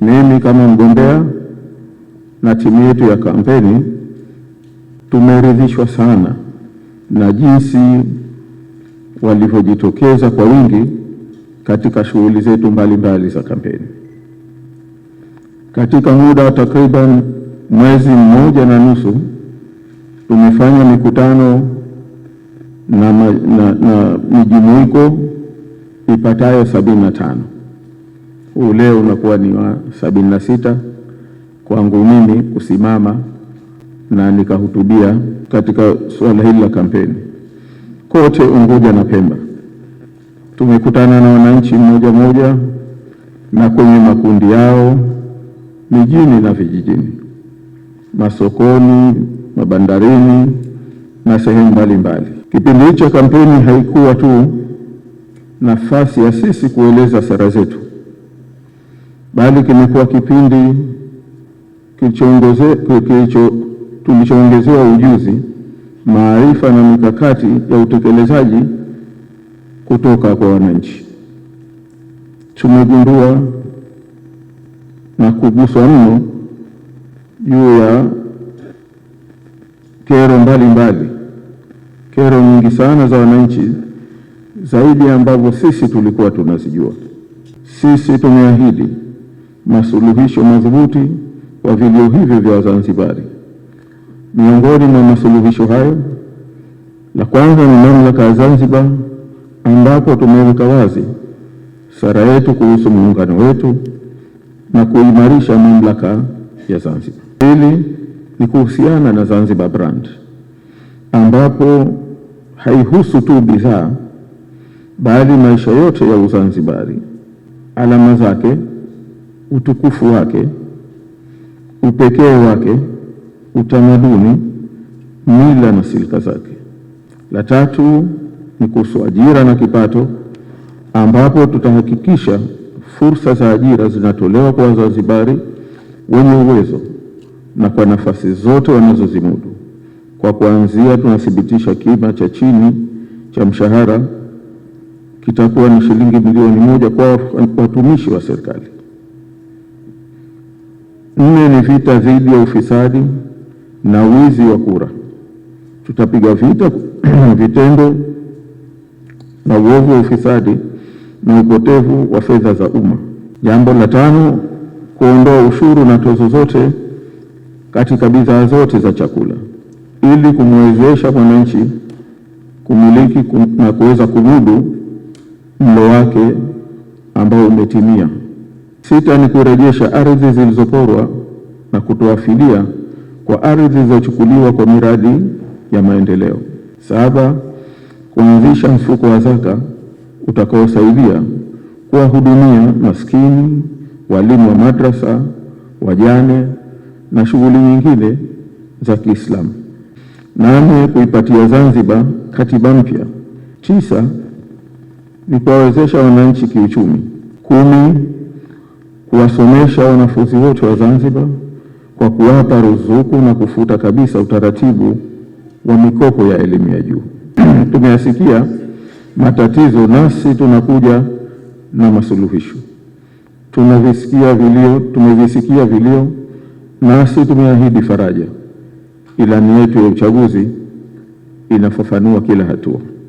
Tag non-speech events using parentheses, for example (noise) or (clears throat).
mimi kama mgombea na timu yetu ya kampeni tumeridhishwa sana na jinsi walivyojitokeza kwa wingi katika shughuli zetu mbalimbali za kampeni. Katika muda wa takriban mwezi mmoja na nusu tumefanya mikutano na, na, na mijumuiko ipatayo sabini na tano huu leo unakuwa ni wa sabini na sita kwangu mimi kusimama na nikahutubia katika suala hili la kampeni kote Unguja na Pemba. Tumekutana na wananchi mmoja mmoja na kwenye makundi yao mijini na vijijini, masokoni, mabandarini na sehemu mbalimbali. Kipindi hicho kampeni haikuwa tu nafasi ya sisi kueleza sera zetu bali kimekuwa kipindi tulichoongezewa ujuzi, maarifa na mikakati ya utekelezaji kutoka kwa wananchi. Tumegundua na kuguswa mno juu ya kero mbalimbali mbali. Kero nyingi sana za wananchi zaidi ambavyo sisi tulikuwa tunazijua. Sisi tumeahidi masuluhisho madhubuti kwa vilio hivyo vya Wazanzibari. Miongoni mwa masuluhisho hayo, la kwanza ni mamlaka ya Zanzibar, ambapo tumeweka wazi sara yetu kuhusu muungano wetu na kuimarisha mamlaka ya Zanzibar. Pili ni kuhusiana na Zanzibar brand, ambapo haihusu tu bidhaa bali maisha yote ya Uzanzibari, alama zake utukufu wake, upekee wake, utamaduni, mila na silka zake. La tatu ni kuhusu ajira na kipato, ambapo tutahakikisha fursa za ajira zinatolewa kwa Wazanzibari wenye uwezo na kwa nafasi zote wanazozimudu. Kwa kuanzia, tunathibitisha kima cha chini cha mshahara kitakuwa ni shilingi milioni moja kwa watumishi wa serikali. Nne ni vita dhidi ya ufisadi na wizi wa kura. Tutapiga vita (clears throat) vitendo na uovu wa ufisadi na upotevu wa fedha za umma. Jambo la tano, kuondoa ushuru na tozo zote katika bidhaa zote za chakula ili kumwezesha mwananchi kumiliki kum, na kuweza kumudu mlo wake ambao umetimia. Sita ni kurejesha ardhi zilizoporwa na kutoa fidia kwa ardhi zilizochukuliwa kwa miradi ya maendeleo. Saba, kuanzisha mfuko wa zaka utakaosaidia kuwahudumia maskini, walimu wa madrasa, wajane na shughuli nyingine za Kiislamu. Nane, kuipatia Zanzibar katiba mpya. Tisa, ni kuwawezesha wananchi kiuchumi. Kumi, kuwasomesha wanafunzi wote wa Zanzibar kwa kuwapa ruzuku na kufuta kabisa utaratibu wa mikopo ya elimu ya juu. (clears throat) Tumeyasikia matatizo, nasi tunakuja na masuluhisho. Tunavisikia vilio, tumevisikia vilio, nasi tumeahidi faraja. Ilani yetu ya uchaguzi inafafanua kila hatua.